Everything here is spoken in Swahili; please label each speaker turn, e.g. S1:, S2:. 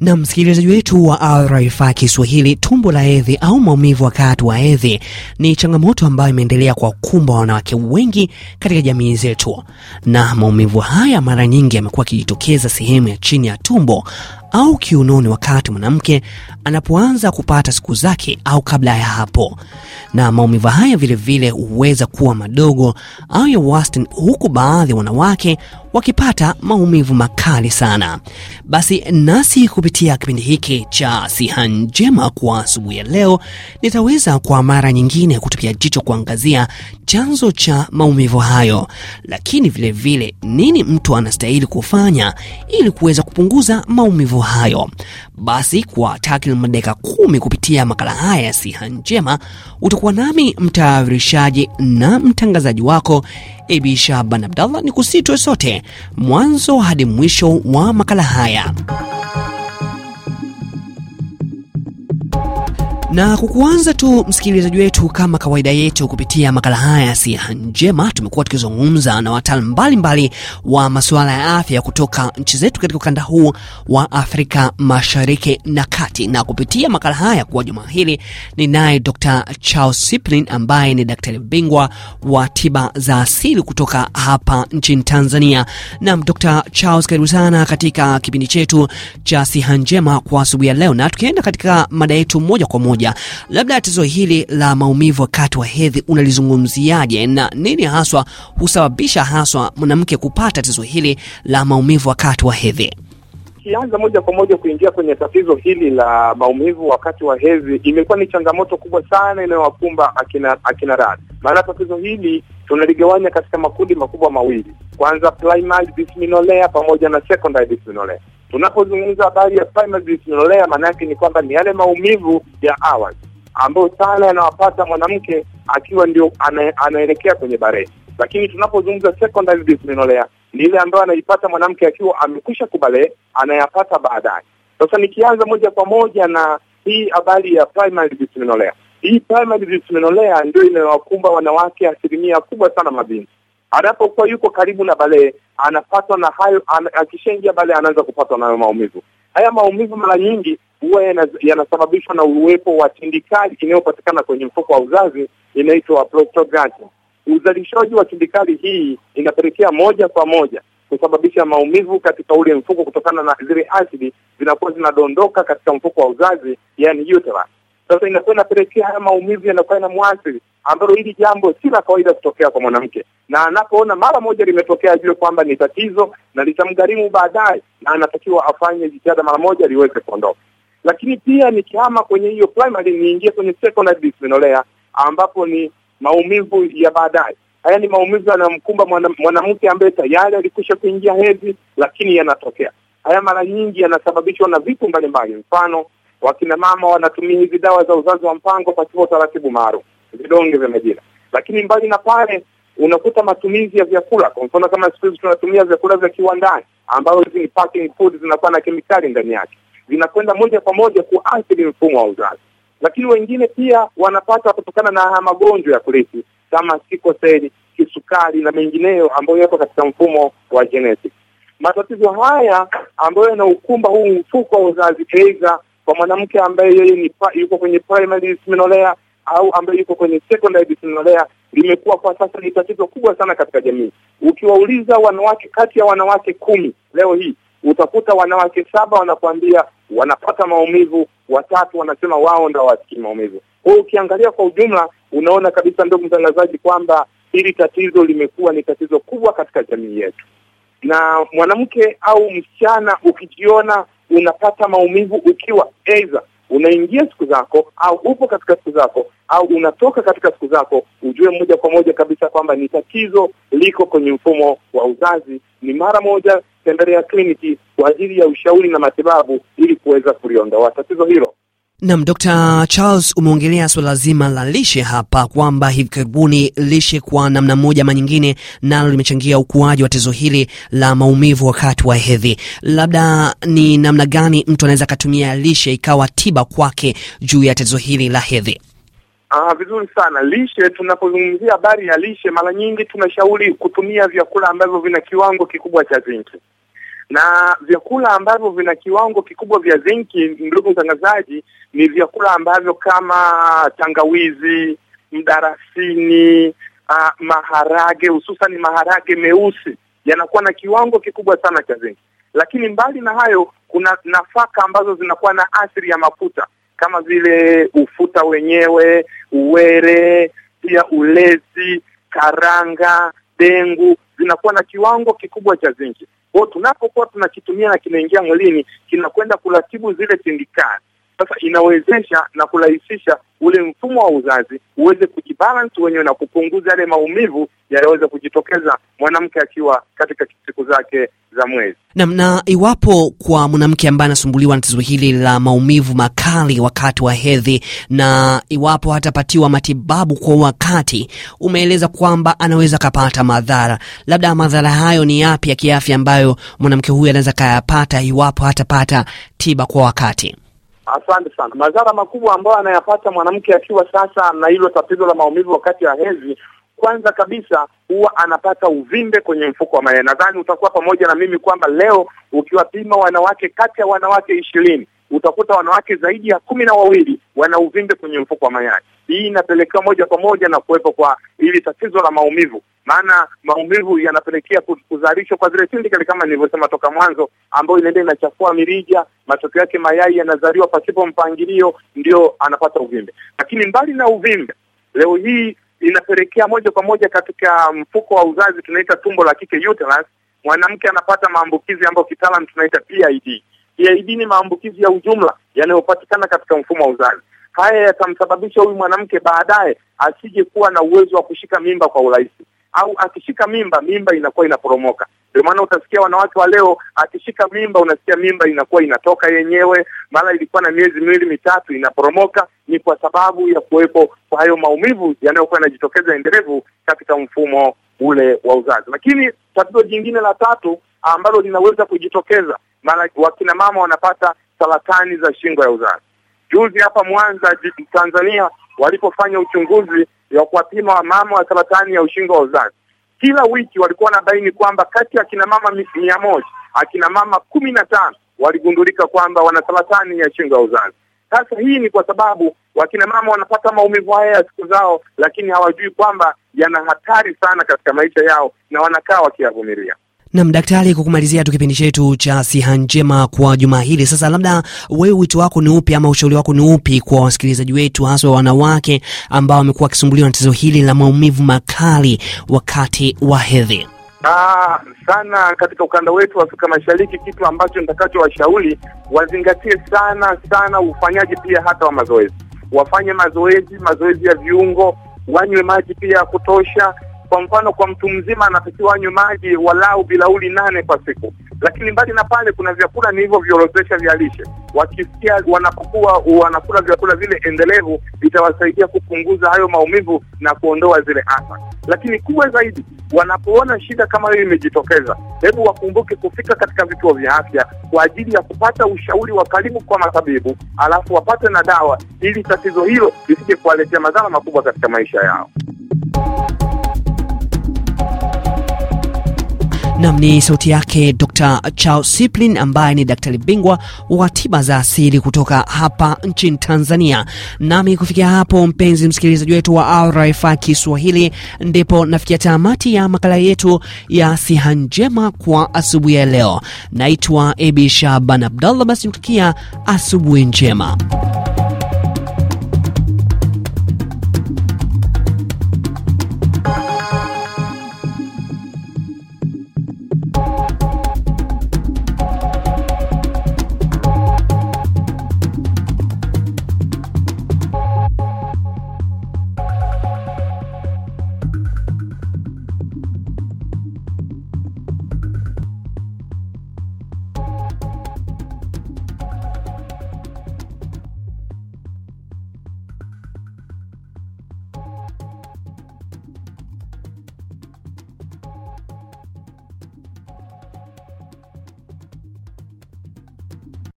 S1: Na msikilizaji wetu wa RFI Kiswahili, tumbo la hedhi au maumivu wakati wa hedhi ni changamoto ambayo imeendelea kwa kumba wanawake wengi katika jamii zetu, na maumivu haya mara nyingi yamekuwa akijitokeza sehemu ya chini ya tumbo au kiunoni wakati mwanamke anapoanza kupata siku zake au kabla ya hapo. Na maumivu haya vilevile huweza kuwa madogo au ya wastani, huku baadhi ya wanawake wakipata maumivu makali sana. Basi nasi kupitia kipindi hiki cha Siha Njema kwa asubuhi ya leo, nitaweza kwa mara nyingine kutupia jicho kuangazia chanzo cha maumivu hayo, lakini vilevile vile, nini mtu anastahili kufanya ili kuweza kupunguza maumivu hayo. Basi kwa takriban dakika kumi kupitia makala haya ya Siha Njema utakuwa nami mtayarishaji na mtangazaji wako Abi Shaban Abdallah, ni kusitwe sote mwanzo hadi mwisho wa makala haya. Na kwa kuanza tu, msikilizaji wetu, kama kawaida yetu, kupitia makala haya ya Siha Njema, tumekuwa tukizungumza na wataalamu mbalimbali wa masuala ya afya kutoka nchi zetu katika ukanda huu wa Afrika Mashariki na Kati, na kupitia makala haya kwa juma hili ni naye Dr. Charles Siplin ambaye ni daktari bingwa wa tiba za asili kutoka hapa nchini Tanzania. Naam, Dr. Charles, karibu sana katika kipindi chetu cha Siha Njema kwa asubuhi ya leo, na tukienda katika mada yetu moja kwa moja moja. Labda tatizo hili la maumivu wakati wa hedhi unalizungumziaje, na nini haswa husababisha haswa mwanamke kupata tatizo hili la maumivu wakati wa hedhi?
S2: Kianza moja kwa moja kuingia kwenye tatizo hili la maumivu wakati wa hedhi, imekuwa ni changamoto kubwa sana inayowakumba akina akina rad, maana tatizo hili tunaligawanya katika makundi makubwa mawili, kwanza primary dysmenorrhea pamoja na secondary dysmenorrhea. Tunapozungumza habari ya primary dysmenorrhea, maana yake ni kwamba ni yale maumivu ya awali ambayo sana yanawapata mwanamke akiwa ndio ana, anaelekea kwenye bare Lakini tunapozungumza secondary dysmenorrhea ni ile ambayo anaipata mwanamke akiwa amekwisha kubale, anayapata baadaye. Sasa nikianza moja kwa moja na hii habari ya primary dysmenorrhea hii primary dysmenorrhea ndio inayowakumba wanawake asilimia kubwa sana mabinti. Anapokuwa yuko karibu na balee anapatwa na hayo an, akishaingia balee anaanza kupatwa nayo maumivu. Haya maumivu mara nyingi huwa yanasababishwa na uwepo wa tindikali inayopatikana kwenye mfuko wa uzazi inaitwa Uzalishaji wa tindikali hii inapelekea moja kwa moja kusababisha maumivu katika ule mfuko kutokana na zile asidi zinakuwa zinadondoka katika mfuko wa uzazi, yani uterus. Sasa inakuwa inapelekea haya maumivu yanakuwa yanamwathiri, ambalo hili jambo si la kawaida kutokea kwa mwanamke, na anapoona mara moja limetokea ajue kwamba ni tatizo na litamgharimu baadaye, na anatakiwa afanye jitihada mara moja liweze kuondoka. Lakini pia nikihama kwenye hiyo primary, niingie kwenye secondary dysmenorrhea, ambapo ni maumivu ya baadaye. Haya ni maumivu yanamkumba mwanamke ambaye tayari alikwisha kuingia hedhi, lakini yanatokea haya. Mara nyingi yanasababishwa na vitu mbalimbali, mfano wakina mama wanatumia hizi dawa za uzazi wa mpango pasipo taratibu maalum, vidonge vya majina. Lakini mbali na pale, unakuta matumizi ya vyakula, kwa mfano kama siku hizi tunatumia vyakula vya kiwandani ambavyo hizi ni packing food, zinakuwa na kemikali ndani yake, zinakwenda moja kwa moja kuathiri mfumo wa uzazi. Lakini wengine pia wanapata kutokana na magonjwa ya kurithi kama siko seli kisukari na mengineyo ambayo yako katika mfumo wa genetic. Matatizo haya ambayo yanaukumba huu mfuko wa uzazi, aidha kwa mwanamke ambaye yeye ni yuko kwenye primary dysmenorrhea au ambaye yuko kwenye secondary dysmenorrhea limekuwa kwa sasa ni tatizo kubwa sana katika jamii. Ukiwauliza wanawake, kati ya wanawake kumi leo hii utakuta wanawake saba wanakuambia wanapata maumivu, watatu wanasema wao ndio hawasikii maumivu. Kwa hiyo ukiangalia kwa ujumla, unaona kabisa, ndugu mtangazaji, kwamba hili tatizo limekuwa ni tatizo kubwa katika jamii yetu, na mwanamke au msichana ukijiona unapata maumivu ukiwa aidha unaingia siku zako au upo katika siku zako au unatoka katika siku zako, ujue moja kwa moja kabisa kwamba ni tatizo liko kwenye mfumo wa uzazi. Ni mara moja tembelea kliniki kwa ajili ya ushauri na matibabu ili kuweza kuliondoa tatizo
S1: hilo. Nam, Dr. Charles, umeongelea suala zima la lishe hapa kwamba hivi karibuni lishe kwa namna moja ama nyingine nalo limechangia ukuaji wa tatizo hili la maumivu wakati wa hedhi. Labda ni namna gani mtu anaweza akatumia lishe ikawa tiba kwake juu ya tatizo hili la hedhi?
S2: Ah, vizuri sana. Lishe, tunapozungumzia habari ya lishe, mara nyingi tunashauri kutumia vyakula ambavyo vina kiwango kikubwa cha zinki na vyakula ambavyo vina kiwango kikubwa vya zinki, ndugu mtangazaji, ni vyakula ambavyo kama tangawizi, mdarasini, uh, maharage, hususan maharage meusi yanakuwa na kiwango kikubwa sana cha zinki. Lakini mbali na hayo, kuna nafaka ambazo zinakuwa na athiri ya mafuta kama vile ufuta wenyewe, uwere, pia ulezi, karanga, dengu, zinakuwa na kiwango kikubwa cha zinki kwao. tunapokuwa tunakitumia na kinaingia mwilini, kinakwenda kuratibu zile tindikali sasa inawezesha na kurahisisha ule mfumo wa uzazi uweze kujibalance wenyewe na kupunguza yale maumivu yanayoweza kujitokeza mwanamke akiwa katika siku zake za mwezi.
S1: nam na iwapo kwa mwanamke ambaye anasumbuliwa na tatizo hili la maumivu makali wakati wa hedhi, na iwapo hatapatiwa matibabu kwa wakati, umeeleza kwamba anaweza akapata madhara. Labda madhara hayo ni yapi ya kiafya ambayo mwanamke huyu anaweza akayapata iwapo hatapata tiba kwa wakati?
S2: Asante sana. Madhara makubwa ambayo anayapata mwanamke akiwa sasa na hilo tatizo la maumivu wakati wa hedhi, kwanza kabisa huwa anapata uvimbe kwenye mfuko wa mayai. Nadhani utakuwa pamoja na mimi kwamba leo ukiwapima wanawake kati ya wanawake ishirini utakuta wanawake zaidi ya kumi na wawili wana uvimbe kwenye mfuko wa mayai hii inapelekea moja kwa moja na kuwepo kwa ili tatizo la maumivu, maana maumivu yanapelekea kuzalishwa kwa zile tindikali kama nilivyosema toka mwanzo, ambayo inaenda inachafua mirija. Matokeo yake mayai yanazaliwa pasipo mpangilio, ndio anapata uvimbe. Lakini mbali na uvimbe, leo hii inapelekea moja kwa moja katika mfuko wa uzazi, tunaita tumbo la kike uterus. Mwanamke anapata maambukizi ambayo kitaalam tunaita PID. PID ni maambukizi ya ujumla yanayopatikana katika mfumo wa uzazi haya yatamsababisha huyu mwanamke baadaye asije kuwa na uwezo wa kushika mimba kwa urahisi, au akishika mimba, mimba inakuwa inaporomoka. Ndio maana utasikia wanawake wa leo, akishika mimba, unasikia mimba inakuwa inatoka yenyewe, mara ilikuwa na miezi miwili mitatu, inaporomoka. Ni kwa sababu ya kuwepo kwa hayo maumivu yanayokuwa yanajitokeza endelevu katika mfumo ule wa uzazi. Lakini tatizo jingine la tatu ambalo linaweza kujitokeza mara, wakinamama wanapata saratani za shingo ya uzazi. Juzi hapa Mwanza Tanzania walipofanya uchunguzi wa kuwapima wamama wa saratani ya ushingo wa uzazi, kila wiki walikuwa wanabaini kwamba kati ya akina mama mia moja akina mama kumi na tano waligundulika kwamba wana saratani ya shingo ya uzazi. Sasa hii ni kwa sababu wakina mama wanapata maumivu haya ya siku zao, lakini hawajui kwamba yana hatari sana katika maisha yao na wanakaa wakiyavumilia.
S1: Nam daktari, kwa kumalizia tu kipindi chetu cha siha njema kwa juma hili, sasa labda wewe wito wako ni upi ama ushauri wako ni upi kwa wasikilizaji wetu, haswa wanawake ambao wamekuwa wakisumbuliwa na tatizo hili la maumivu makali wakati wa hedhi?
S2: Ah, sana katika ukanda wetu wa Afrika Mashariki, kitu ambacho nitakachowashauri wazingatie sana sana ufanyaji pia hata wa mazoezi, wafanye mazoezi, mazoezi ya viungo, wanywe maji pia ya kutosha kwa mfano, kwa mtu mzima anatakiwa anywe maji walau bilauli nane kwa siku, lakini mbali na pale kuna vyakula nilivyoviorodhesha vya lishe. Wakisikia wanapokuwa wanakula vyakula vile endelevu, itawasaidia kupunguza hayo maumivu na kuondoa zile asa. Lakini kubwa zaidi, wanapoona shida kama hiyo imejitokeza, hebu wakumbuke kufika katika vituo vya afya kwa ajili ya kupata ushauri wa karibu kwa matabibu, alafu wapate na dawa ili tatizo hilo lisije kuwaletea madhara makubwa katika maisha yao.
S1: Nam ni sauti yake Dr. Charles Siplin ambaye ni daktari bingwa wa tiba za asili kutoka hapa nchini Tanzania. Nami kufikia hapo, mpenzi msikilizaji wetu wa RFI Kiswahili, ndipo nafikia tamati ya makala yetu ya siha njema kwa asubuhi ya leo. Naitwa Abi Shaban Abdallah, basi nikutakia asubuhi njema.